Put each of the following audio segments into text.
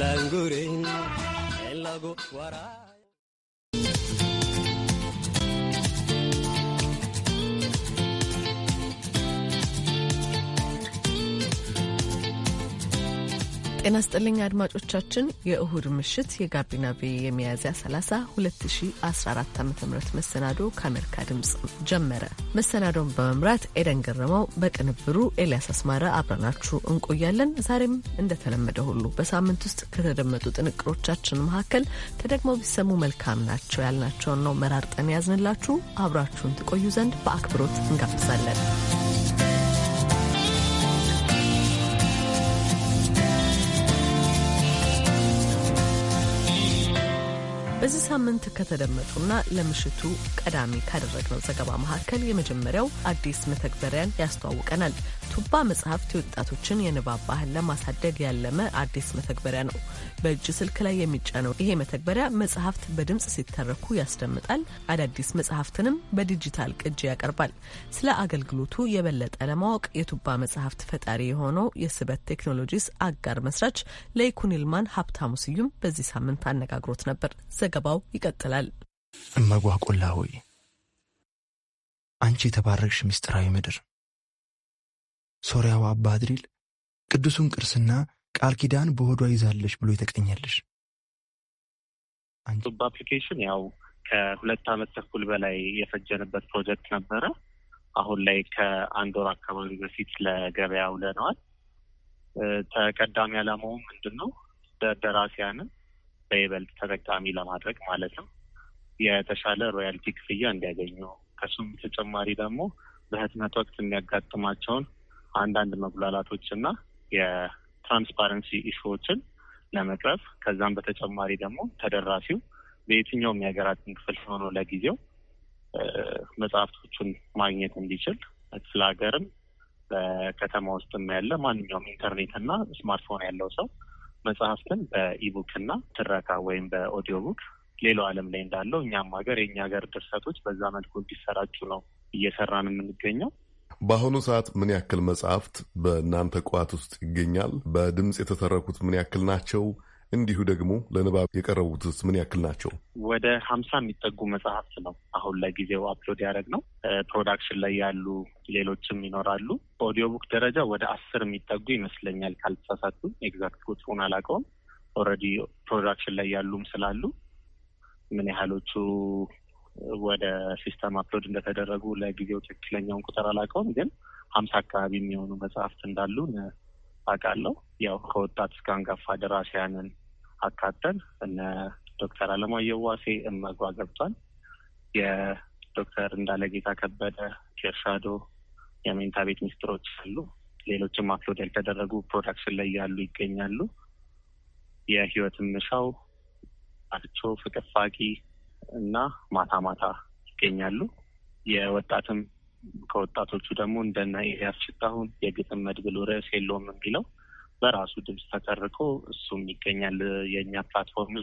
langurin ጤና ስጥልኝ አድማጮቻችን፣ የእሁድ ምሽት የጋቢና ቪ የሚያዝያ 30 2014 ዓ ም መሰናዶ ከአሜሪካ ድምፅ ጀመረ። መሰናዶን በመምራት ኤደን ገረመው፣ በቅንብሩ ኤልያስ አስማረ አብረናችሁ እንቆያለን። ዛሬም እንደተለመደ ሁሉ በሳምንት ውስጥ ከተደመጡ ጥንቅሮቻችን መካከል ተደግሞ ቢሰሙ መልካም ናቸው ያልናቸውን ነው መራርጠን ያዝንላችሁ። አብራችሁን ትቆዩ ዘንድ በአክብሮት እንጋብዛለን። በዚህ ሳምንት ከተደመጡና ለምሽቱ ቀዳሚ ካደረግነው ዘገባ መካከል የመጀመሪያው አዲስ መተግበሪያን ያስተዋውቀናል። ቱባ መጽሐፍት የወጣቶችን የንባብ ባህል ለማሳደግ ያለመ አዲስ መተግበሪያ ነው። በእጅ ስልክ ላይ የሚጫነው ይሄ መተግበሪያ መጽሐፍት በድምፅ ሲተረኩ ያስደምጣል። አዳዲስ መጽሐፍትንም በዲጂታል ቅጂ ያቀርባል። ስለ አገልግሎቱ የበለጠ ለማወቅ የቱባ መጽሐፍት ፈጣሪ የሆነው የስበት ቴክኖሎጂስ አጋር መስራች ለይኩኒልማን ሀብታሙ ስዩም በዚህ ሳምንት አነጋግሮት ነበር። ዘገባው ይቀጥላል። እመጓቆላ ሆይ አንቺ የተባረክሽ ምስጢራዊ ምድር ሶርያው አባ አድሪል ቅዱሱን ቅርስና ቃል ኪዳን በሆዷ ይዛለሽ ብሎ የተቀኘልሽ በአፕሊኬሽን ያው ከሁለት ዓመት ተኩል በላይ የፈጀንበት ፕሮጀክት ነበረ። አሁን ላይ ከአንድ ወር አካባቢ በፊት ለገበያ ውለነዋል። ተቀዳሚ ዓላማውም ምንድን ነው? ደራሲያንን በይበልጥ ተጠቃሚ ለማድረግ ማለት ነው። የተሻለ ሮያልቲ ክፍያ እንዲያገኙ ከሱም ተጨማሪ ደግሞ በህትመት ወቅት የሚያጋጥማቸውን አንዳንድ መጉላላቶች እና የትራንስፓረንሲ ኢሹዎችን ለመቅረፍ ከዛም በተጨማሪ ደግሞ ተደራሲው በየትኛውም የሀገራችን ክፍል ሆኖ ለጊዜው መጽሐፍቶቹን ማግኘት እንዲችል ክፍለ ሀገርም በከተማ ውስጥም ያለ ማንኛውም ኢንተርኔት እና ስማርትፎን ያለው ሰው መጽሐፍትን በኢቡክ እና ትረካ ወይም በኦዲዮ ቡክ ሌላው ዓለም ላይ እንዳለው እኛም ሀገር የእኛ ሀገር ድርሰቶች በዛ መልኩ እንዲሰራጩ ነው እየሰራን የምንገኘው። በአሁኑ ሰዓት ምን ያክል መጽሐፍት በእናንተ ቋት ውስጥ ይገኛል? በድምፅ የተተረኩት ምን ያክል ናቸው? እንዲሁ ደግሞ ለንባብ የቀረቡትስ ምን ያክል ናቸው? ወደ ሀምሳ የሚጠጉ መጽሐፍት ነው አሁን ለጊዜው አፕሎድ ያደረግ ነው። ፕሮዳክሽን ላይ ያሉ ሌሎችም ይኖራሉ። በኦዲዮ ቡክ ደረጃ ወደ አስር የሚጠጉ ይመስለኛል ካልተሳሳቱ፣ ኤግዛክት ቁጥሩን አላውቀውም። ኦልሬዲ ፕሮዳክሽን ላይ ያሉም ስላሉ ምን ያህሎቹ ወደ ሲስተም አፕሎድ እንደተደረጉ ለጊዜው ትክክለኛውን ቁጥር አላውቀውም፣ ግን ሀምሳ አካባቢ የሚሆኑ መጽሐፍት እንዳሉ አውቃለሁ። ያው ከወጣት እስከ አንጋፋ ደራሲያንን አካተን እነ ዶክተር አለማየሁ ዋሴ እመጓ ገብቷል። የዶክተር እንዳለ ጌታ ከበደ ኬርሻዶ የመኝታ ቤት ሚስጥሮች አሉ። ሌሎችም አፕሎድ ያልተደረጉ ፕሮዳክሽን ላይ ያሉ ይገኛሉ። የህይወት ምሻው አርቾ ፍቅፋቂ እና ማታ ማታ ይገኛሉ። የወጣትም ከወጣቶቹ ደግሞ እንደና ኤልያስ ሽታሁን የግጥም መድብል ርዕስ የለውም የሚለው በራሱ ድምፅ ተቀርቆ እሱም ይገኛል የእኛ ፕላትፎርም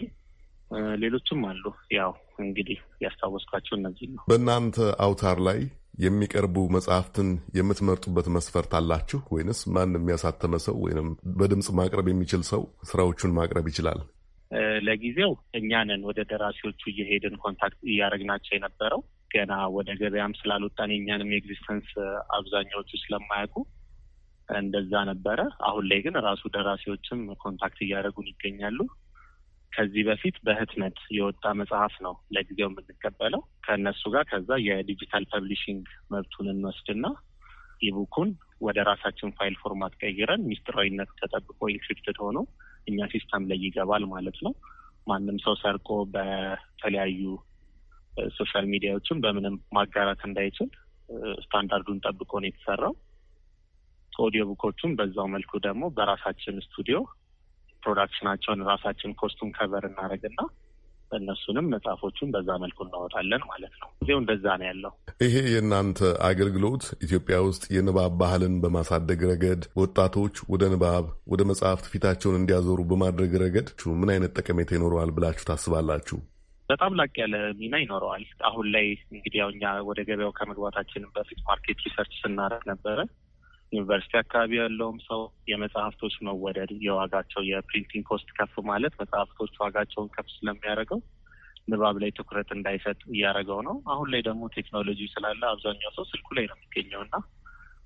ሌሎችም አሉ። ያው እንግዲህ ያስታወስኳቸው እነዚህ ነው። በእናንተ አውታር ላይ የሚቀርቡ መጽሐፍትን የምትመርጡበት መስፈርት አላችሁ ወይንስ ማን የሚያሳተመ ሰው ወይም በድምፅ ማቅረብ የሚችል ሰው ስራዎቹን ማቅረብ ይችላል? ለጊዜው እኛ ነን ወደ ደራሲዎቹ እየሄድን ኮንታክት እያደረግናቸው የነበረው ገና ወደ ገበያም ስላልወጣን የእኛንም የኤግዚስተንስ አብዛኛዎቹ ስለማያውቁ እንደዛ ነበረ። አሁን ላይ ግን ራሱ ደራሲዎችም ኮንታክት እያደረጉን ይገኛሉ። ከዚህ በፊት በህትመት የወጣ መጽሐፍ ነው ለጊዜው የምንቀበለው ከእነሱ ጋር። ከዛ የዲጂታል ፐብሊሽንግ መብቱን እንወስድና ኢቡኩን ወደ ራሳችን ፋይል ፎርማት ቀይረን ሚስጥራዊነት ተጠብቆ ኢንክሪፕትድ ሆኖ እኛ ሲስተም ላይ ይገባል ማለት ነው። ማንም ሰው ሰርቆ በተለያዩ ሶሻል ሚዲያዎችን በምንም ማጋራት እንዳይችል ስታንዳርዱን ጠብቆ ነው የተሰራው። ኦዲዮ ቡኮቹን በዛው መልኩ ደግሞ በራሳችን ስቱዲዮ ፕሮዳክሽናቸውን ራሳችን ኮስቱም ከቨር እናደርግና እነሱንም መጽሐፎቹን በዛ መልኩ እናወጣለን ማለት ነው። ጊዜው እንደዛ ነው ያለው። ይሄ የእናንተ አገልግሎት ኢትዮጵያ ውስጥ የንባብ ባህልን በማሳደግ ረገድ፣ ወጣቶች ወደ ንባብ ወደ መጽሐፍት ፊታቸውን እንዲያዞሩ በማድረግ ረገድ ምን አይነት ጠቀሜታ ይኖረዋል ብላችሁ ታስባላችሁ? በጣም ላቅ ያለ ሚና ይኖረዋል። አሁን ላይ እንግዲህ ያው እኛ ወደ ገበያው ከመግባታችን በፊት ማርኬት ሪሰርች ስናደርግ ነበረ ዩኒቨርሲቲ አካባቢ ያለውም ሰው የመጽሐፍቶች መወደድ የዋጋቸው የፕሪንቲንግ ኮስት ከፍ ማለት መጽሐፍቶች ዋጋቸውን ከፍ ስለሚያደርገው ንባብ ላይ ትኩረት እንዳይሰጥ እያደረገው ነው። አሁን ላይ ደግሞ ቴክኖሎጂ ስላለ አብዛኛው ሰው ስልኩ ላይ ነው የሚገኘው እና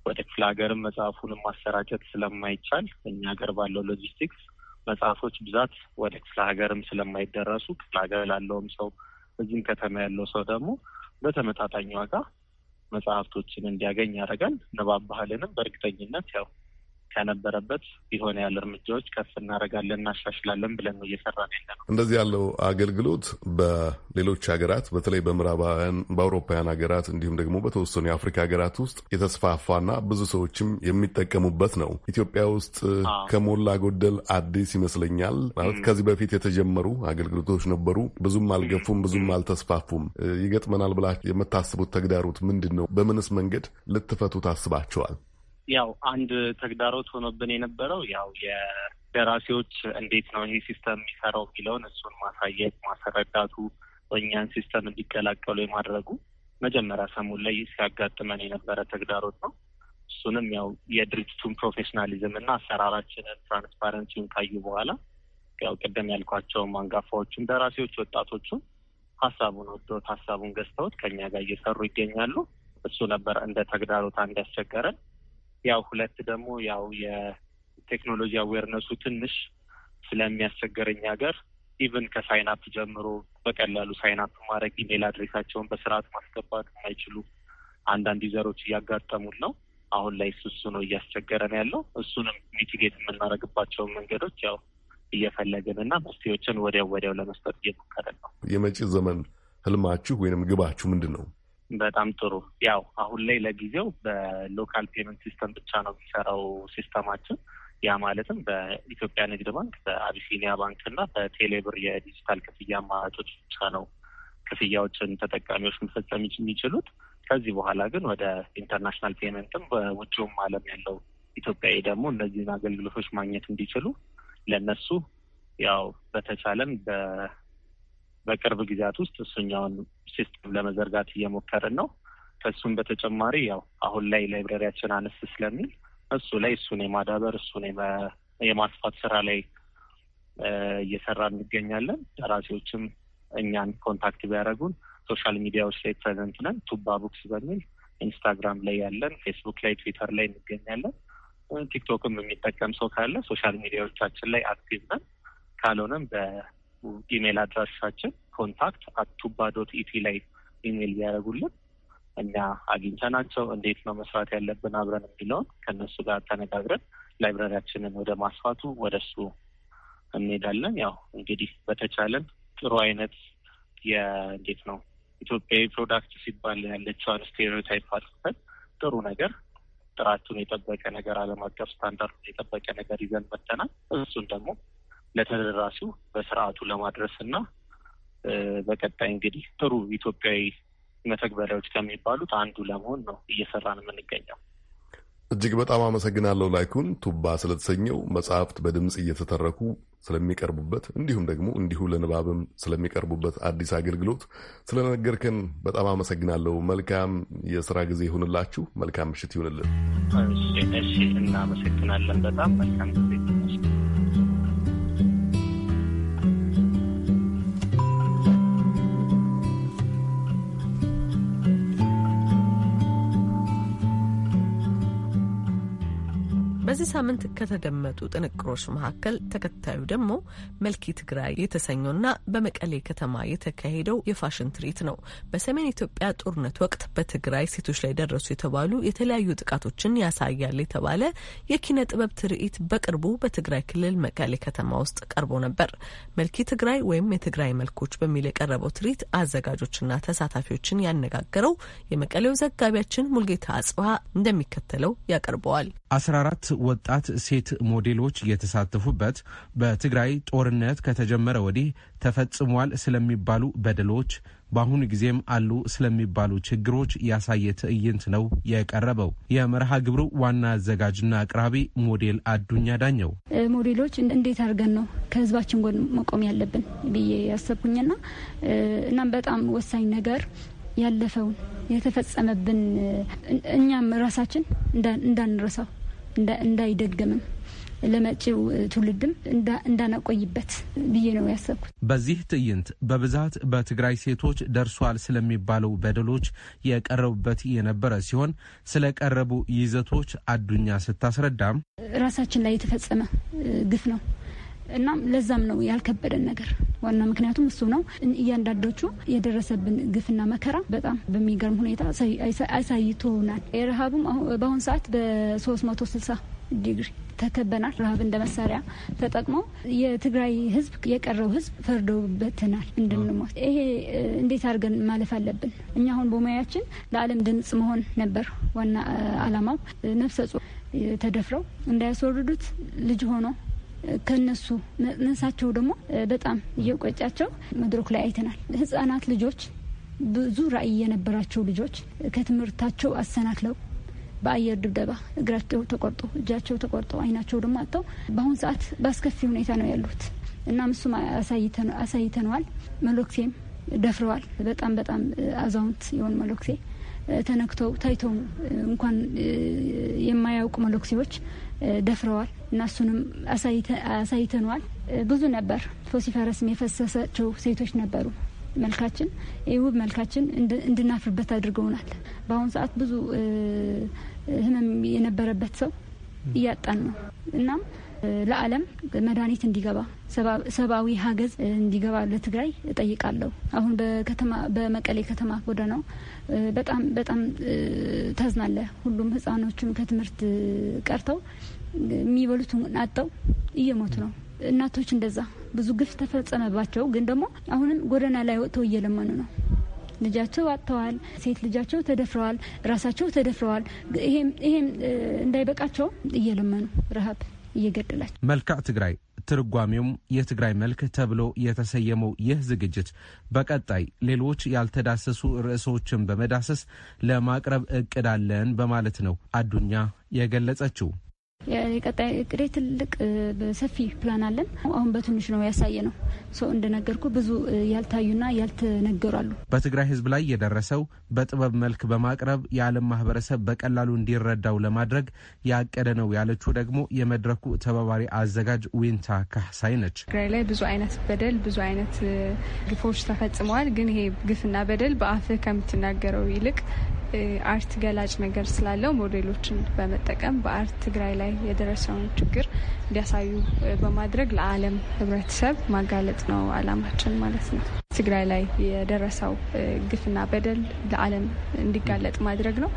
ወደ ክፍለ ሀገርም መጽሐፉንም ማሰራጨት ስለማይቻል እኛ ሀገር ባለው ሎጂስቲክስ መጽሐፎች ብዛት ወደ ክፍለ ሀገርም ስለማይደረሱ ክፍለ ሀገር ላለውም ሰው እዚህም ከተማ ያለው ሰው ደግሞ በተመጣጣኝ ዋጋ መጽሐፍቶችን እንዲያገኝ ያደርጋል። ንባብ ባህልንም በእርግጠኝነት ያው ከነበረበት የሆነ ያለ እርምጃዎች ከፍ እናደርጋለን እናሻሽላለን ብለን ነው እየሰራን ያለ ነው። እንደዚህ ያለው አገልግሎት በሌሎች ሀገራት በተለይ በምዕራባውያን በአውሮፓውያን ሀገራት እንዲሁም ደግሞ በተወሰኑ የአፍሪካ ሀገራት ውስጥ የተስፋፋና ብዙ ሰዎችም የሚጠቀሙበት ነው። ኢትዮጵያ ውስጥ ከሞላ ጎደል አዲስ ይመስለኛል። ማለት ከዚህ በፊት የተጀመሩ አገልግሎቶች ነበሩ፣ ብዙም አልገፉም፣ ብዙም አልተስፋፉም። ይገጥመናል ብላ የምታስቡት ተግዳሮት ምንድን ነው? በምንስ መንገድ ልትፈቱ ታስባቸዋል? ያው አንድ ተግዳሮት ሆኖብን የነበረው ያው የደራሲዎች እንዴት ነው ይህ ሲስተም የሚሰራው የሚለውን እሱን ማሳየት ማስረዳቱ፣ እኛን ሲስተም እንዲቀላቀሉ የማድረጉ መጀመሪያ ሰሙን ላይ ሲያጋጥመን የነበረ ተግዳሮት ነው። እሱንም ያው የድርጅቱን ፕሮፌሽናሊዝም እና አሰራራችንን ትራንስፓረንሲውን ካዩ በኋላ ያው ቅድም ያልኳቸውም አንጋፋዎቹም ደራሲዎች ወጣቶቹም ሀሳቡን ወዶት ሀሳቡን ገዝተውት ከኛ ጋር እየሰሩ ይገኛሉ። እሱ ነበር እንደ ተግዳሮት አንድ ያስቸገረን። ያው ሁለት ደግሞ ያው የቴክኖሎጂ አዌርነሱ ትንሽ ስለሚያስቸገረኝ ሀገር ኢቨን ከሳይናፕ ጀምሮ በቀላሉ ሳይናፕ ማድረግ ኢሜል አድሬሳቸውን በስርዓት ማስገባት የማይችሉ አንዳንድ ዩዘሮች እያጋጠሙን ነው። አሁን ላይ እሱ እሱ ነው እያስቸገረን ያለው። እሱንም ሚቲጌት የምናደርግባቸውን መንገዶች ያው እየፈለግን እና መፍትሄዎችን ወዲያው ወዲያው ለመስጠት እየሞከረን ነው። የመጪ ዘመን ህልማችሁ ወይንም ግባችሁ ምንድን ነው? በጣም ጥሩ። ያው አሁን ላይ ለጊዜው በሎካል ፔመንት ሲስተም ብቻ ነው የሚሰራው ሲስተማችን። ያ ማለትም በኢትዮጵያ ንግድ ባንክ፣ በአቢሲኒያ ባንክ እና በቴሌብር የዲጂታል ክፍያ አማራጮች ብቻ ነው ክፍያዎችን ተጠቃሚዎች መፈጸም የሚችሉት። ከዚህ በኋላ ግን ወደ ኢንተርናሽናል ፔመንትም በውጭውም አለም ያለው ኢትዮጵያዊ ደግሞ እነዚህን አገልግሎቶች ማግኘት እንዲችሉ ለእነሱ ያው በተቻለን በቅርብ ጊዜያት ውስጥ እሱኛውን ሲስተም ለመዘርጋት እየሞከርን ነው። ከእሱም በተጨማሪ ያው አሁን ላይ ላይብረሪያችን አነስ ስለሚል እሱ ላይ እሱን የማዳበር እሱን የማስፋት ስራ ላይ እየሰራ እንገኛለን። ደራሲዎችም እኛን ኮንታክት ቢያደረጉን ሶሻል ሚዲያዎች ላይ ፕሬዘንት ነን። ቱባ ቡክስ በሚል ኢንስታግራም ላይ ያለን፣ ፌስቡክ ላይ፣ ትዊተር ላይ እንገኛለን። ቲክቶክም የሚጠቀም ሰው ካለ ሶሻል ሚዲያዎቻችን ላይ አክቲቭ ነን። ካልሆነም ኢሜል አድራሻችን ኮንታክት አቱባ ዶት ኢቲ ላይ ኢሜል ቢያደርጉልን እኛ አግኝተናቸው እንዴት ነው መስራት ያለብን አብረን የሚለውን ከእነሱ ጋር ተነጋግረን ላይብረሪያችንን ወደ ማስፋቱ ወደ እሱ እንሄዳለን። ያው እንግዲህ በተቻለን ጥሩ አይነት የእንዴት ነው ኢትዮጵያዊ ፕሮዳክት ሲባል ያለችዋን ስቴሪዮታይፕ አድርገን ጥሩ ነገር ጥራቱን የጠበቀ ነገር ዓለም አቀፍ ስታንዳርዱን የጠበቀ ነገር ይዘን መተናል። እሱን ደግሞ ለተደራሲው በስርዓቱ ለማድረስ እና በቀጣይ እንግዲህ ጥሩ ኢትዮጵያዊ መተግበሪያዎች ከሚባሉት አንዱ ለመሆን ነው እየሰራን የምንገኘው። እጅግ በጣም አመሰግናለሁ። ላይኩን ቱባ ስለተሰኘው መጽሐፍት በድምፅ እየተተረኩ ስለሚቀርቡበት እንዲሁም ደግሞ እንዲሁ ለንባብም ስለሚቀርቡበት አዲስ አገልግሎት ስለነገርከን በጣም አመሰግናለሁ። መልካም የስራ ጊዜ ይሁንላችሁ። መልካም ምሽት ይሁንልን። እናመሰግናለን። በጣም መልካም በዚህ ሳምንት ከተደመጡ ጥንቅሮች መካከል ተከታዩ ደግሞ መልኪ ትግራይ የተሰኘውና በመቀሌ ከተማ የተካሄደው የፋሽን ትርኢት ነው። በሰሜን ኢትዮጵያ ጦርነት ወቅት በትግራይ ሴቶች ላይ ደረሱ የተባሉ የተለያዩ ጥቃቶችን ያሳያል የተባለ የኪነ ጥበብ ትርኢት በቅርቡ በትግራይ ክልል መቀሌ ከተማ ውስጥ ቀርቦ ነበር። መልኪ ትግራይ ወይም የትግራይ መልኮች በሚል የቀረበው ትርኢት አዘጋጆችና ተሳታፊዎችን ያነጋገረው የመቀሌው ዘጋቢያችን ሙልጌታ አጽብሃ እንደሚከተለው ያቀርበዋል። አስራ አራት ወጣት ሴት ሞዴሎች የተሳተፉበት በትግራይ ጦርነት ከተጀመረ ወዲህ ተፈጽሟል ስለሚባሉ በደሎች በአሁኑ ጊዜም አሉ ስለሚባሉ ችግሮች ያሳየ ትዕይንት ነው የቀረበው። የመርሃ ግብሩ ዋና አዘጋጅና አቅራቢ ሞዴል አዱኛ ዳኘው ሞዴሎች እንዴት አድርገን ነው ከህዝባችን ጎን መቆም ያለብን ብዬ ያሰብኩኝና እናም በጣም ወሳኝ ነገር ያለፈውን የተፈጸመብን እኛም ራሳችን እንዳንረሳው እንዳይደገምም ለመጪው ትውልድም እንዳናቆይበት ብዬ ነው ያሰብኩት። በዚህ ትዕይንት በብዛት በትግራይ ሴቶች ደርሷል ስለሚባለው በደሎች የቀረቡበት የነበረ ሲሆን ስለ ቀረቡ ይዘቶች አዱኛ ስታስረዳም ራሳችን ላይ የተፈጸመ ግፍ ነው እናም ለዛም ነው ያልከበደን ነገር ዋና ምክንያቱም እሱ ነው። እያንዳንዶቹ የደረሰብን ግፍና መከራ በጣም በሚገርም ሁኔታ አሳይቶናል። የረሃቡም በአሁኑ ሰዓት በ360 ዲግሪ ተከበናል። ረሃብ እንደ መሳሪያ ተጠቅሞ የትግራይ ህዝብ የቀረው ህዝብ ፈርዶበትናል እንድንሞት። ይሄ እንዴት አድርገን ማለፍ አለብን? እኛ አሁን በሙያችን ለዓለም ድምጽ መሆን ነበር ዋና አላማው። ነፍሰ ጡር ተደፍረው እንዳያስወርዱት ልጅ ሆኖ ከነሱ መነሳቸው ደግሞ በጣም እየቆጫቸው መድረክ ላይ አይተናል። ህጻናት ልጆች ብዙ ራዕይ የነበራቸው ልጆች ከትምህርታቸው አሰናክለው በአየር ድብደባ እግራቸው ተቆርጦ እጃቸው ተቆርጦ አይናቸው ደግሞ አጥተው በአሁኑ ሰዓት በአስከፊ ሁኔታ ነው ያሉት። እናም እሱም አሳይተነዋል። መሎክሴም ደፍረዋል። በጣም በጣም አዛውንት የሆን መሎክሴ ተነክተው ታይተው እንኳን የማያውቁ መሎክሴዎች ደፍረዋል እና እሱንም አሳይተነዋል። ብዙ ነበር ፎሲፈረስም የፈሰሰቸው ሴቶች ነበሩ። መልካችን ውብ መልካችን እንድናፍርበት አድርገውናል። በአሁኑ ሰዓት ብዙ ህመም የነበረበት ሰው እያጣን ነው። እናም ለዓለም መድኃኒት እንዲገባ ሰብአዊ ሀገዝ እንዲገባ ለትግራይ እጠይቃለሁ። አሁን በከተማ በመቀሌ ከተማ ነው። በጣም በጣም ታዝናለ። ሁሉም ህጻኖችም ከትምህርት ቀርተው የሚበሉት አጠው እየሞቱ ነው። እናቶች እንደዛ ብዙ ግፍ ተፈጸመባቸው። ግን ደግሞ አሁንም ጎዳና ላይ ወጥተው እየለመኑ ነው። ልጃቸው አጥተዋል። ሴት ልጃቸው ተደፍረዋል። ራሳቸው ተደፍረዋል። ይሄም እንዳይበቃቸው እየለመኑ ረሀብ እየገደላቸው መልክዕ ትግራይ ትርጓሜውም የትግራይ መልክ ተብሎ የተሰየመው ይህ ዝግጅት በቀጣይ ሌሎች ያልተዳሰሱ ርዕሶችን በመዳሰስ ለማቅረብ እቅድ አለን በማለት ነው አዱኛ የገለጸችው። የቀጣይ እቅዴ ትልቅ ሰፊ ፕላን አለን። አሁን በትንሽ ነው ያሳየ ነው ሰው እንደነገርኩ ብዙ ያልታዩና ያልተነገሩ አሉ። በትግራይ ህዝብ ላይ የደረሰው በጥበብ መልክ በማቅረብ የዓለም ማህበረሰብ በቀላሉ እንዲረዳው ለማድረግ ያቀደ ነው ያለችው ደግሞ የመድረኩ ተባባሪ አዘጋጅ ዊንታ ካህሳይ ነች። ትግራይ ላይ ብዙ አይነት በደል ብዙ አይነት ግፎች ተፈጽመዋል። ግን ይሄ ግፍና በደል በአፍህ ከምትናገረው ይልቅ አርት ገላጭ ነገር ስላለው ሞዴሎችን በመጠቀም በአርት ትግራይ ላይ የደረሰውን ችግር እንዲያሳዩ በማድረግ ለዓለም ህብረተሰብ ማጋለጥ ነው አላማችን ማለት ነው። ትግራይ ላይ የደረሰው ግፍና በደል ለዓለም እንዲጋለጥ ማድረግ ነው።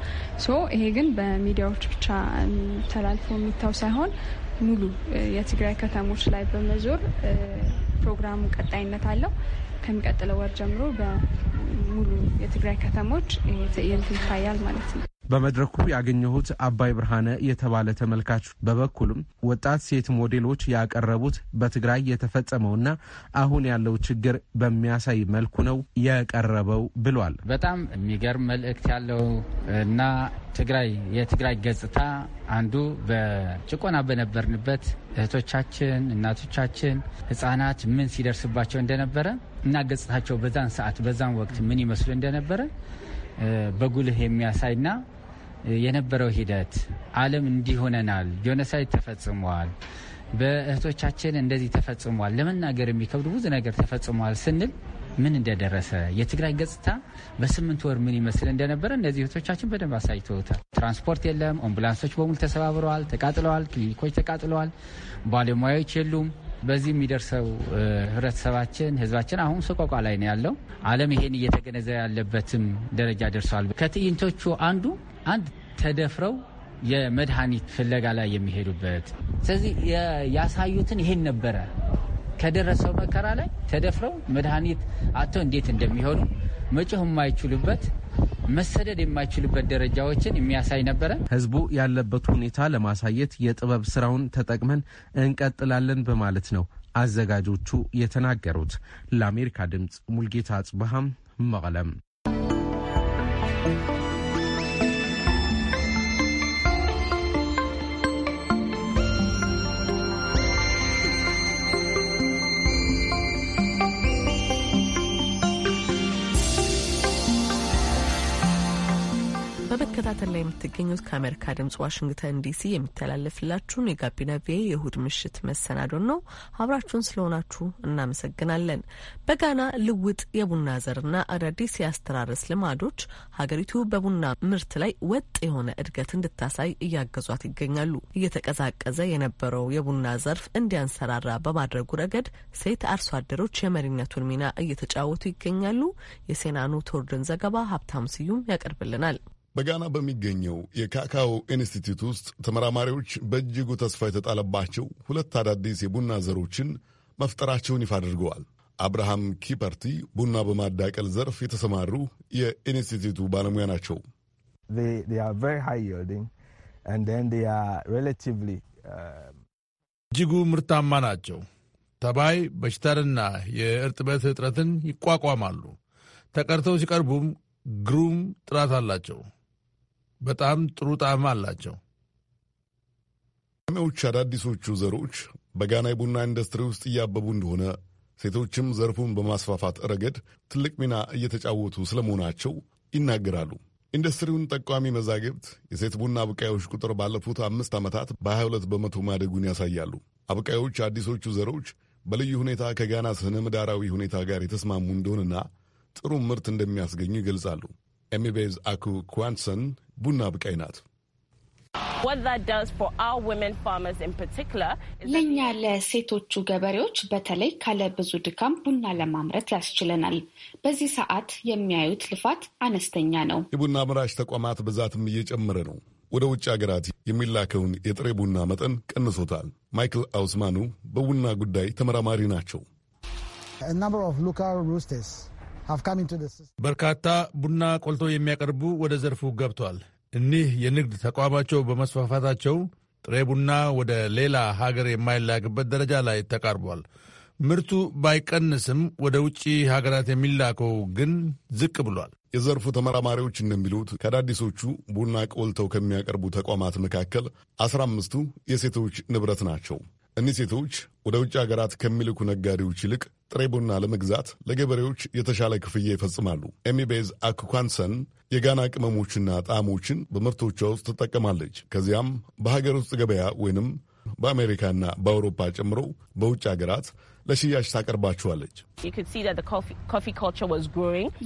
ሶ ይሄ ግን በሚዲያዎች ብቻ ተላልፎ የሚታው ሳይሆን ሙሉ የትግራይ ከተሞች ላይ በመዞር ፕሮግራሙ ቀጣይነት አለው። ከሚቀጥለው ወር ጀምሮ በሙሉ የትግራይ ከተሞች ይታያል ማለት ነው። በመድረኩ ያገኘሁት አባይ ብርሃነ የተባለ ተመልካች በበኩሉም ወጣት ሴት ሞዴሎች ያቀረቡት በትግራይ የተፈጸመውና አሁን ያለው ችግር በሚያሳይ መልኩ ነው የቀረበው ብሏል። በጣም የሚገርም መልእክት ያለው እና ትግራይ የትግራይ ገጽታ አንዱ በጭቆና በነበርንበት እህቶቻችን፣ እናቶቻችን፣ ህጻናት ምን ሲደርስባቸው እንደነበረ እና ገጽታቸው በዛን ሰዓት በዛን ወቅት ምን ይመስሉ እንደነበረ በጉልህ የሚያሳይና የነበረው ሂደት ዓለም እንዲሆነናል ጆነሳይድ ተፈጽሟል፣ በእህቶቻችን እንደዚህ ተፈጽሟል፣ ለመናገር የሚከብዱ ብዙ ነገር ተፈጽሟል ስንል ምን እንደደረሰ የትግራይ ገጽታ በስምንት ወር ምን ይመስል እንደነበረ እነዚህ እህቶቻችን በደንብ አሳይተውታል። ትራንስፖርት የለም፣ አምቡላንሶች በሙሉ ተሰባብረዋል፣ ተቃጥለዋል፣ ክሊኒኮች ተቃጥለዋል፣ ባለሙያዎች የሉም፣ በዚህ የሚደርሰው ህብረተሰባችን፣ ህዝባችን አሁን ሰቆቃ ላይ ነው ያለው። ዓለም ይሄን እየተገነዘበ ያለበትም ደረጃ ደርሷል። ከትዕይንቶቹ አንዱ አንድ ተደፍረው የመድኃኒት ፍለጋ ላይ የሚሄዱበት ስለዚህ ያሳዩትን ይሄን ነበረ ከደረሰው መከራ ላይ ተደፍረው መድኃኒት አጥተው እንዴት እንደሚሆኑ መጮህ የማይችሉበት መሰደድ የማይችልበት ደረጃዎችን የሚያሳይ ነበረ። ህዝቡ ያለበት ሁኔታ ለማሳየት የጥበብ ስራውን ተጠቅመን እንቀጥላለን በማለት ነው አዘጋጆቹ የተናገሩት። ለአሜሪካ ድምፅ ሙልጌታ አጽብሃም መቀለም በመከታተል ላይ የምትገኙት ከአሜሪካ ድምጽ ዋሽንግተን ዲሲ የሚተላለፍላችሁን የጋቢና ቪ የእሁድ ምሽት መሰናዶን ነው። አብራችሁን ስለሆናችሁ እናመሰግናለን። በጋና ልውጥ የቡና ዘርና አዳዲስ የአስተራረስ ልማዶች ሀገሪቱ በቡና ምርት ላይ ወጥ የሆነ እድገት እንድታሳይ እያገዟት ይገኛሉ። እየተቀዛቀዘ የነበረው የቡና ዘርፍ እንዲያንሰራራ በማድረጉ ረገድ ሴት አርሶ አደሮች የመሪነቱን ሚና እየተጫወቱ ይገኛሉ። የሴናኑ ቶርድን ዘገባ ሀብታም ስዩም ያቀርብልናል። በጋና በሚገኘው የካካኦ ኢንስቲትዩት ውስጥ ተመራማሪዎች በእጅጉ ተስፋ የተጣለባቸው ሁለት አዳዲስ የቡና ዘሮችን መፍጠራቸውን ይፋ አድርገዋል። አብርሃም ኪፐርቲ ቡና በማዳቀል ዘርፍ የተሰማሩ የኢንስቲትዩቱ ባለሙያ ናቸው። uh, እጅጉ ምርታማ ናቸው። ተባይ በሽታንና የእርጥበት እጥረትን ይቋቋማሉ። ተቀርተው ሲቀርቡም ግሩም ጥራት አላቸው። በጣም ጥሩ ጣዕም አላቸው። ሜዎች አዳዲሶቹ ዘሮች በጋና የቡና ኢንዱስትሪ ውስጥ እያበቡ እንደሆነ ሴቶችም ዘርፉን በማስፋፋት ረገድ ትልቅ ሚና እየተጫወቱ ስለመሆናቸው ይናገራሉ። ኢንዱስትሪውን ጠቋሚ መዛግብት የሴት ቡና አብቃዮች ቁጥር ባለፉት አምስት ዓመታት በ22 በመቶ ማደጉን ያሳያሉ። አብቃዮች አዲሶቹ ዘሮች በልዩ ሁኔታ ከጋና ስነ ምህዳራዊ ሁኔታ ጋር የተስማሙ እንደሆነና ጥሩ ምርት እንደሚያስገኙ ይገልጻሉ። ኤሚቤዝ አኩ ኳንሰን ቡና ብቃይ ናት። ለእኛ ለሴቶቹ ገበሬዎች በተለይ ካለ ብዙ ድካም ቡና ለማምረት ያስችለናል። በዚህ ሰዓት የሚያዩት ልፋት አነስተኛ ነው። የቡና አምራች ተቋማት ብዛትም እየጨመረ ነው። ወደ ውጭ ሀገራት የሚላከውን የጥሬ ቡና መጠን ቀንሶታል። ማይክል አውስማኑ በቡና ጉዳይ ተመራማሪ ናቸው። በርካታ ቡና ቆልቶ የሚያቀርቡ ወደ ዘርፉ ገብቷል። እኒህ የንግድ ተቋማቸው በመስፋፋታቸው ጥሬ ቡና ወደ ሌላ ሀገር የማይላክበት ደረጃ ላይ ተቃርቧል። ምርቱ ባይቀንስም ወደ ውጭ ሀገራት የሚላከው ግን ዝቅ ብሏል። የዘርፉ ተመራማሪዎች እንደሚሉት ከአዳዲሶቹ ቡና ቆልተው ከሚያቀርቡ ተቋማት መካከል አስራ አምስቱ የሴቶች ንብረት ናቸው። እኒህ ሴቶች ወደ ውጭ ሀገራት ከሚልኩ ነጋዴዎች ይልቅ ጥሬ ቡና ለመግዛት ለገበሬዎች የተሻለ ክፍያ ይፈጽማሉ። ኤሚቤዝ አክኳንሰን የጋና ቅመሞችና ጣዕሞችን በምርቶቿ ውስጥ ትጠቀማለች። ከዚያም በሀገር ውስጥ ገበያ ወይንም በአሜሪካና በአውሮፓ ጨምሮ በውጭ ሀገራት ለሽያጭ ታቀርባችኋለች።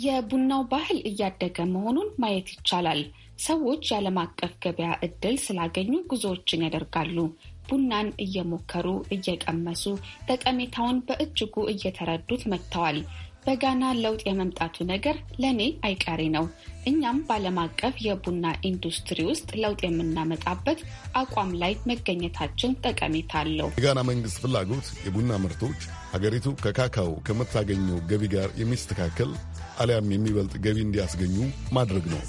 የቡናው ባህል እያደገ መሆኑን ማየት ይቻላል። ሰዎች የዓለም አቀፍ ገበያ እድል ስላገኙ ጉዞዎችን ያደርጋሉ። ቡናን እየሞከሩ እየቀመሱ ጠቀሜታውን በእጅጉ እየተረዱት መጥተዋል። በጋና ለውጥ የመምጣቱ ነገር ለእኔ አይቀሬ ነው። እኛም በዓለም አቀፍ የቡና ኢንዱስትሪ ውስጥ ለውጥ የምናመጣበት አቋም ላይ መገኘታችን ጠቀሜታ አለው። የጋና መንግስት ፍላጎት የቡና ምርቶች ሀገሪቱ ከካካው ከምታገኘው ገቢ ጋር የሚስተካከል አሊያም የሚበልጥ ገቢ እንዲያስገኙ ማድረግ ነው።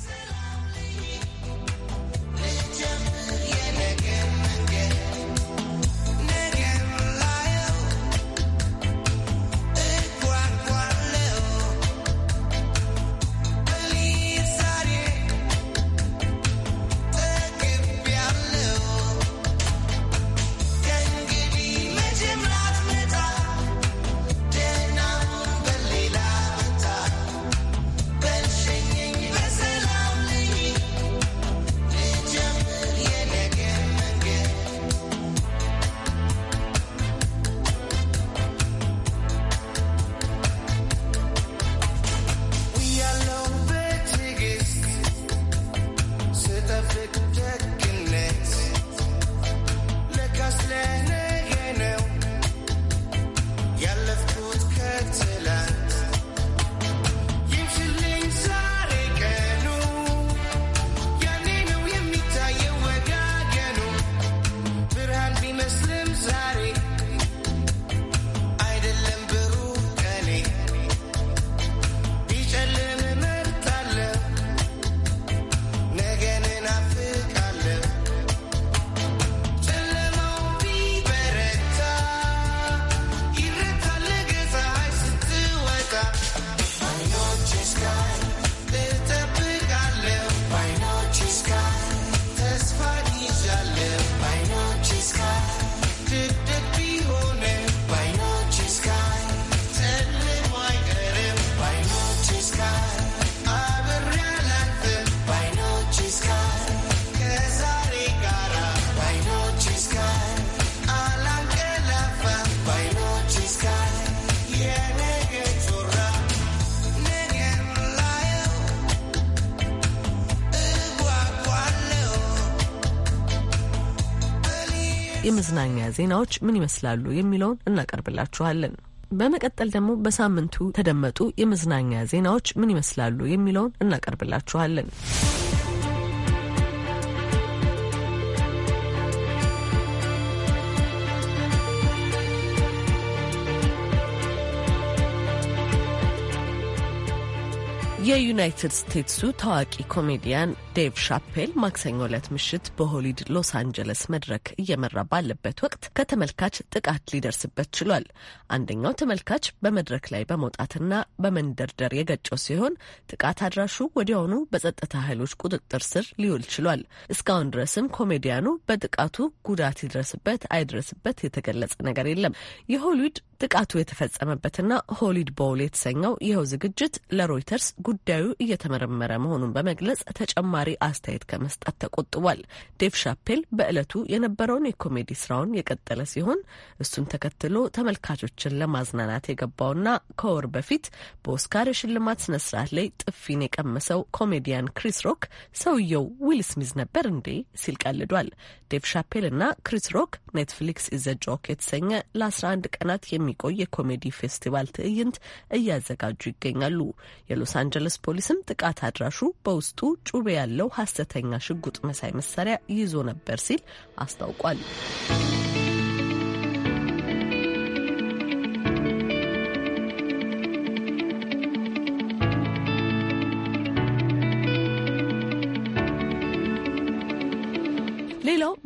did. የመዝናኛ ዜናዎች ምን ይመስላሉ የሚለውን እናቀርብላችኋለን። በመቀጠል ደግሞ በሳምንቱ ተደመጡ የመዝናኛ ዜናዎች ምን ይመስላሉ የሚለውን እናቀርብላችኋለን። የዩናይትድ ስቴትሱ ታዋቂ ኮሜዲያን ዴቭ ሻፔል ማክሰኞ ዕለት ምሽት በሆሊድ ሎስ አንጀለስ መድረክ እየመራ ባለበት ወቅት ከተመልካች ጥቃት ሊደርስበት ችሏል። አንደኛው ተመልካች በመድረክ ላይ በመውጣትና በመንደርደር የገጨው ሲሆን ጥቃት አድራሹ ወዲያውኑ በጸጥታ ኃይሎች ቁጥጥር ስር ሊውል ችሏል። እስካሁን ድረስም ኮሜዲያኑ በጥቃቱ ጉዳት ይድረስበት አይድረስበት የተገለጸ ነገር የለም። የሆሊድ ጥቃቱ የተፈጸመበትና ሆሊድ ቦውል የተሰኘው ይኸው ዝግጅት ለሮይተርስ ጉዳዩ እየተመረመረ መሆኑን በመግለጽ ተጨማሪ ተጨማሪ አስተያየት ከመስጠት ተቆጥቧል። ዴቭ ሻፔል በዕለቱ የነበረውን የኮሜዲ ስራውን የቀጠለ ሲሆን እሱን ተከትሎ ተመልካቾችን ለማዝናናት የገባውና ከወር በፊት በኦስካር የሽልማት ስነስርዓት ላይ ጥፊን የቀመሰው ኮሜዲያን ክሪስ ሮክ ሰውየው ዊል ስሚዝ ነበር እንዴ ሲል ቀልዷል። ዴቭ ሻፔል እና ክሪስ ሮክ ኔትፍሊክስ ኢዘ ጆክ የተሰኘ ለ11 ቀናት የሚቆይ የኮሜዲ ፌስቲቫል ትዕይንት እያዘጋጁ ይገኛሉ። የሎስ አንጀለስ ፖሊስም ጥቃት አድራሹ በውስጡ ጩቤ ያለው ሀሰተኛ ሽጉጥ መሳይ መሳሪያ ይዞ ነበር ሲል አስታውቋል።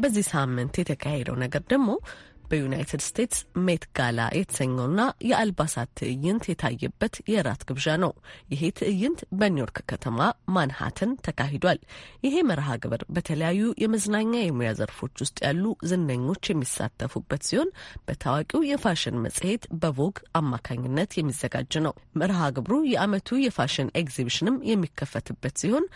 በዚህ ሳምንት የተካሄደው ነገር ደግሞ በዩናይትድ ስቴትስ ሜት ጋላ የተሰኘውና የአልባሳት ትዕይንት የታየበት የራት ግብዣ ነው። ይሄ ትዕይንት በኒውዮርክ ከተማ ማንሃትን ተካሂዷል። ይሄ መርሃ ግብር በተለያዩ የመዝናኛ የሙያ ዘርፎች ውስጥ ያሉ ዝነኞች የሚሳተፉበት ሲሆን በታዋቂው የፋሽን መጽሔት በቮግ አማካኝነት የሚዘጋጅ ነው። መርሃ ግብሩ የዓመቱ የፋሽን ኤግዚቢሽንም የሚከፈትበት ሲሆን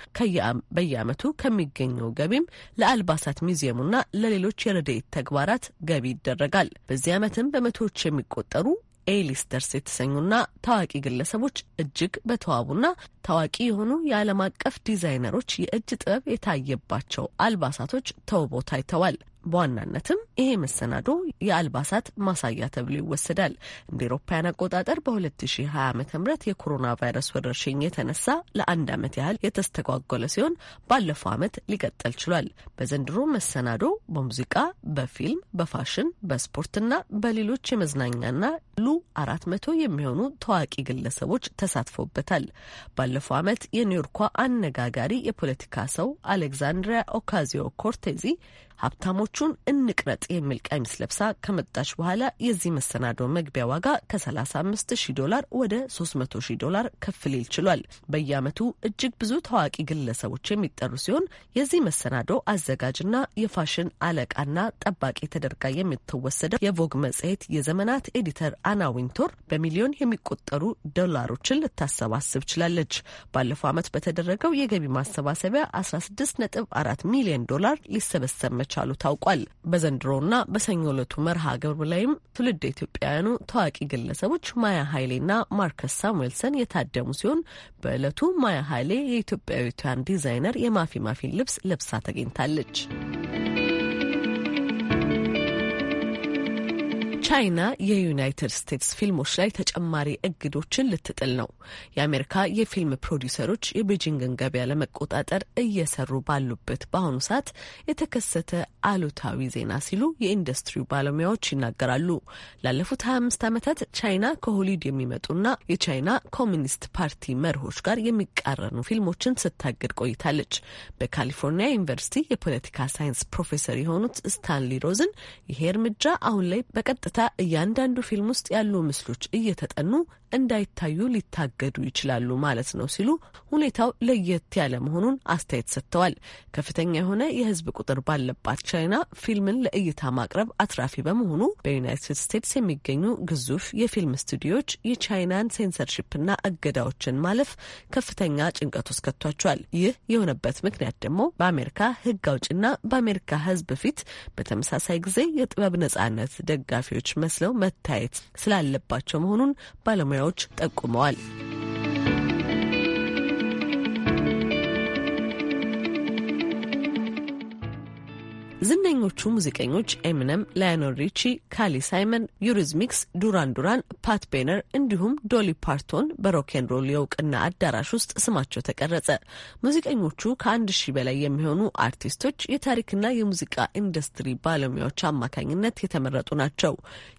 በየዓመቱ ከሚገኘው ገቢም ለአልባሳት ሚዚየሙና ለሌሎች የረድኤት ተግባራት ገቢ ይደረጋል። ይደረጋል። በዚህ ዓመትም በመቶዎች የሚቆጠሩ ኤሊስተርስ የተሰኙና ታዋቂ ግለሰቦች እጅግ በተዋቡና ታዋቂ የሆኑ የዓለም አቀፍ ዲዛይነሮች የእጅ ጥበብ የታየባቸው አልባሳቶች ተውቦ ታይተዋል። በዋናነትም ይሄ መሰናዶ የአልባሳት ማሳያ ተብሎ ይወሰዳል። እንደ ኤሮፓውያን አቆጣጠር በ2020 ዓ ም የኮሮና ቫይረስ ወረርሽኝ የተነሳ ለአንድ ዓመት ያህል የተስተጓጎለ ሲሆን ባለፈው ዓመት ሊቀጠል ችሏል። በዘንድሮ መሰናዶ በሙዚቃ፣ በፊልም፣ በፋሽን፣ በስፖርትና በሌሎች የመዝናኛና ሉ አራት መቶ የሚሆኑ ታዋቂ ግለሰቦች ተሳትፎበታል። ባለፈው ዓመት የኒውዮርኳ አነጋጋሪ የፖለቲካ ሰው አሌግዛንድሪያ ኦካዚዮ ኮርቴዚ ሀብታሞቹን እንቅረጥ የሚል ቀሚስ ለብሳ ከመጣች በኋላ የዚህ መሰናዶ መግቢያ ዋጋ ከ35 ሺህ ዶላር ወደ 300 ሺ ዶላር ከፍ ሊል ችሏል። በየዓመቱ እጅግ ብዙ ታዋቂ ግለሰቦች የሚጠሩ ሲሆን የዚህ መሰናዶ አዘጋጅና የፋሽን አለቃና ጠባቂ ተደርጋ የምትወሰደው የቮግ መጽሔት የዘመናት ኤዲተር አና ዊንቶር በሚሊዮን የሚቆጠሩ ዶላሮችን ልታሰባስብ ችላለች። ባለፈው ዓመት በተደረገው የገቢ ማሰባሰቢያ 164 ሚሊዮን ዶላር ሊሰበሰብ እንደቻሉ ታውቋል። በዘንድሮና በሰኞ ዕለቱ መርሃ ግብር ላይም ትውልድ ኢትዮጵያውያኑ ታዋቂ ግለሰቦች ማያ ኃይሌና ማርከስ ሳሙኤልሰን የታደሙ ሲሆን በዕለቱ ማያ ኃይሌ የኢትዮጵያዊቷን ዲዛይነር የማፊ ማፊን ልብስ ለብሳ ተገኝታለች። ቻይና የዩናይትድ ስቴትስ ፊልሞች ላይ ተጨማሪ እግዶችን ልትጥል ነው። የአሜሪካ የፊልም ፕሮዲውሰሮች የቤጂንግን ገበያ ለመቆጣጠር እየሰሩ ባሉበት በአሁኑ ሰዓት የተከሰተ አሉታዊ ዜና ሲሉ የኢንዱስትሪው ባለሙያዎች ይናገራሉ። ላለፉት 25 ዓመታት ቻይና ከሆሊድ የሚመጡና የቻይና ኮሚኒስት ፓርቲ መርሆች ጋር የሚቃረኑ ፊልሞችን ስታግድ ቆይታለች። በካሊፎርኒያ ዩኒቨርሲቲ የፖለቲካ ሳይንስ ፕሮፌሰር የሆኑት ስታንሊ ሮዝን ይሄ እርምጃ አሁን ላይ በቀጥታ እያንዳንዱ ፊልም ውስጥ ያሉ ምስሎች እየተጠኑ እንዳይታዩ ሊታገዱ ይችላሉ ማለት ነው ሲሉ ሁኔታው ለየት ያለ መሆኑን አስተያየት ሰጥተዋል። ከፍተኛ የሆነ የህዝብ ቁጥር ባለባት ቻይና ፊልምን ለእይታ ማቅረብ አትራፊ በመሆኑ በዩናይትድ ስቴትስ የሚገኙ ግዙፍ የፊልም ስቱዲዮዎች የቻይናን ና እገዳዎችን ማለፍ ከፍተኛ ጭንቀት ውስጥ ከቷቸዋል። ይህ የሆነበት ምክንያት ደግሞ በአሜሪካ ህግ አውጭና በአሜሪካ ህዝብ ፊት በተመሳሳይ ጊዜ የጥበብ ነጻነት ደጋፊዎች መስለው መታየት ስላለባቸው መሆኑን ባለሙያ ባለሙያዎች ጠቁመዋል። ዝነኞቹ ሙዚቀኞች ኤሚነም፣ ላዮኔል ሪቺ፣ ካሊ ሳይመን፣ ዩሪዝሚክስ፣ ዱራን ዱራን፣ ፓት ቤነር እንዲሁም ዶሊ ፓርቶን በሮኬን ሮል የእውቅና አዳራሽ ውስጥ ስማቸው ተቀረጸ። ሙዚቀኞቹ ከአንድ ሺህ በላይ የሚሆኑ አርቲስቶች የታሪክና የሙዚቃ ኢንዱስትሪ ባለሙያዎች አማካኝነት የተመረጡ ናቸው።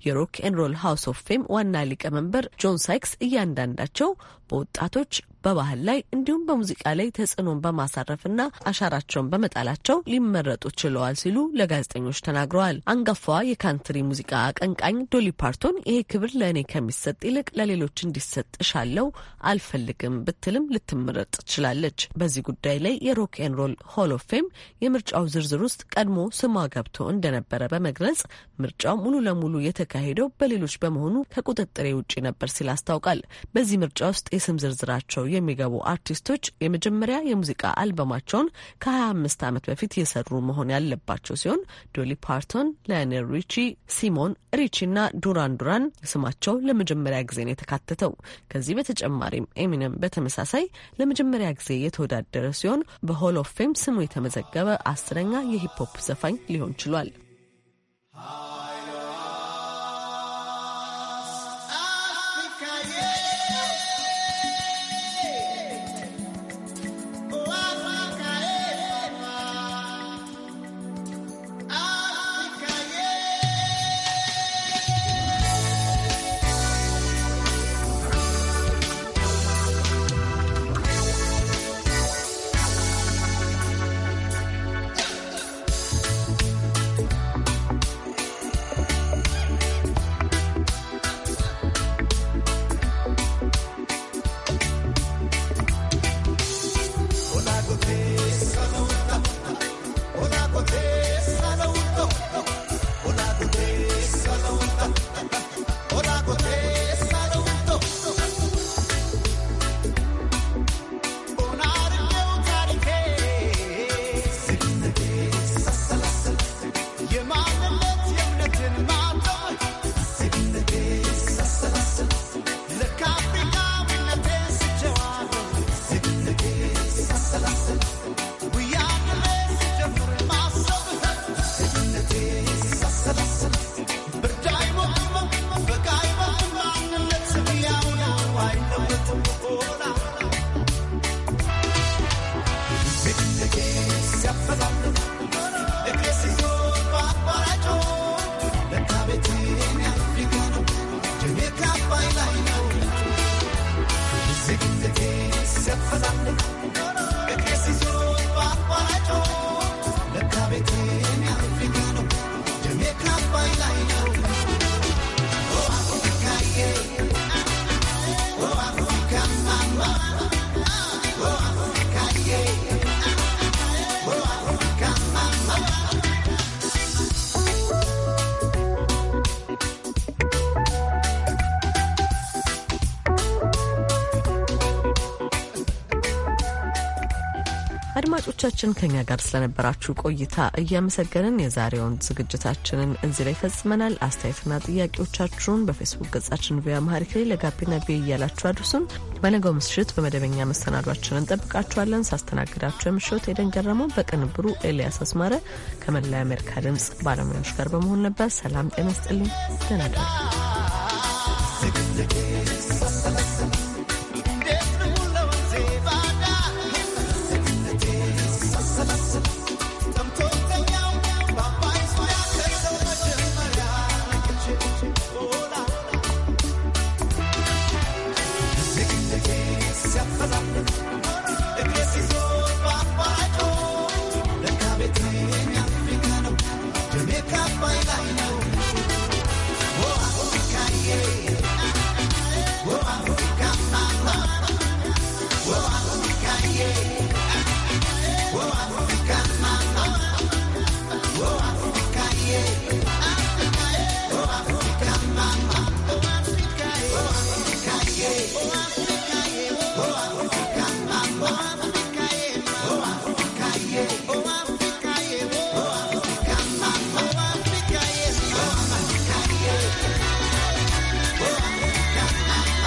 የሮክ ሮል ሃውስ ኦፍ ፌም ዋና ሊቀመንበር ጆን ሳይክስ እያንዳንዳቸው በወጣቶች በባህል ላይ እንዲሁም በሙዚቃ ላይ ተጽዕኖን በማሳረፍና አሻራቸውን በመጣላቸው ሊመረጡ ችለዋል ሲሉ ለጋዜጠኞች ተናግረዋል። አንጋፋዋ የካንትሪ ሙዚቃ አቀንቃኝ ዶሊ ፓርቶን ይሄ ክብር ለእኔ ከሚሰጥ ይልቅ ለሌሎች እንዲሰጥ እሻለው አልፈልግም ብትልም ልትመረጥ ትችላለች። በዚህ ጉዳይ ላይ የሮክ ኤን ሮል ሆል ኦፍ ፌም የምርጫው ዝርዝር ውስጥ ቀድሞ ስሟ ገብቶ እንደነበረ በመግለጽ ምርጫው ሙሉ ለሙሉ የተካሄደው በሌሎች በመሆኑ ከቁጥጥሬ ውጭ ነበር ሲል አስታውቃል። በዚህ ምርጫ ውስጥ የስም ዝርዝራቸው የሚገቡ አርቲስቶች የመጀመሪያ የሙዚቃ አልበማቸውን ከ25 ዓመት በፊት የሰሩ መሆን ያለባቸው ሲሆን ዶሊ ፓርቶን፣ ላዮኔል ሪቺ፣ ሲሞን ሪቺ እና ዱራን ዱራን ስማቸው ለመጀመሪያ ጊዜ ነው የተካተተው። ከዚህ በተጨማሪም ኤሚነም በተመሳሳይ ለመጀመሪያ ጊዜ የተወዳደረ ሲሆን በሆል ኦፍ ፌም ስሙ የተመዘገበ አስረኛ የሂፖፕ ዘፋኝ ሊሆን ችሏል። አድማጮቻችን ከኛ ጋር ስለነበራችሁ ቆይታ እያመሰገንን የዛሬውን ዝግጅታችንን እዚህ ላይ ፈጽመናል። አስተያየትና ጥያቄዎቻችሁን በፌስቡክ ገጻችን ቪያ ማሪክ ላይ ለጋቢና ቪ እያላችሁ አድርሱን። በነገው ምሽት በመደበኛ መሰናዷችን እንጠብቃችኋለን። ሳስተናግዳችሁ የምሽት ኤደን ገረመው፣ በቅንብሩ ኤልያስ አስማረ ከመላ የአሜሪካ ድምፅ ባለሙያዎች ጋር በመሆን ነበር። ሰላም ጤና ስጥልኝ። ደህና